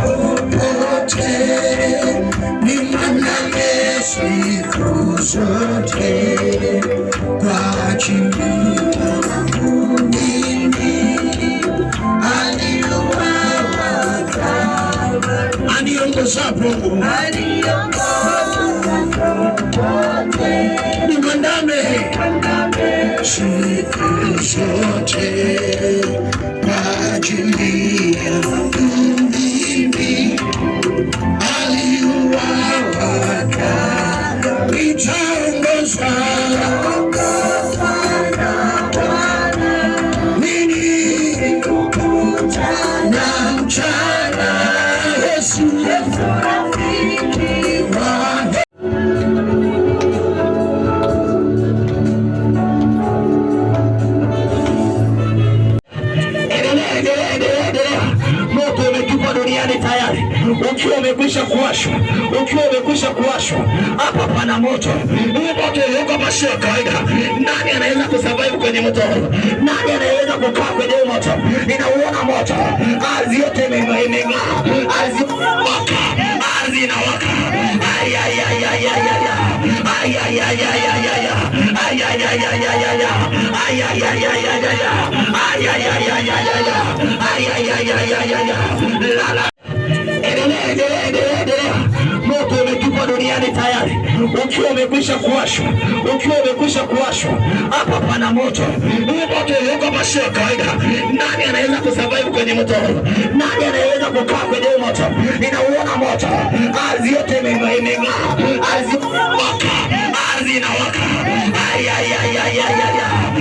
wote ni manane siku zote kwa ajili yangu siku zote Nakimbia mimi aliuawa nitaongozwa na mchana Yesu duniani tayari. Ukiwa umekwisha kuwashwa, ukiwa umekwisha kuwashwa, hapa pana moto. Huo moto uko basi ya kawaida. Nani anaweza kusurvive kwenye moto huo? Nani anaweza kukaa kwenye moto? Ninauona moto, ardhi yote imeng'aa, ardhi inawaka, ardhi inawaka. Ay ay ay ay ay ay ay ay ay ay ay ay Moto umetupwa duniani tayari, ukiwa umekwisha kuwashwa, ukiwa umekwisha kuwashwa. Hapa pana moto, huu moto uko hapa sio kawaida. Nani anaweza kusurvive kwenye moto huu? Nani anaweza kukaa kwenye moto? Ninauona moto, kazi yote imeng'aa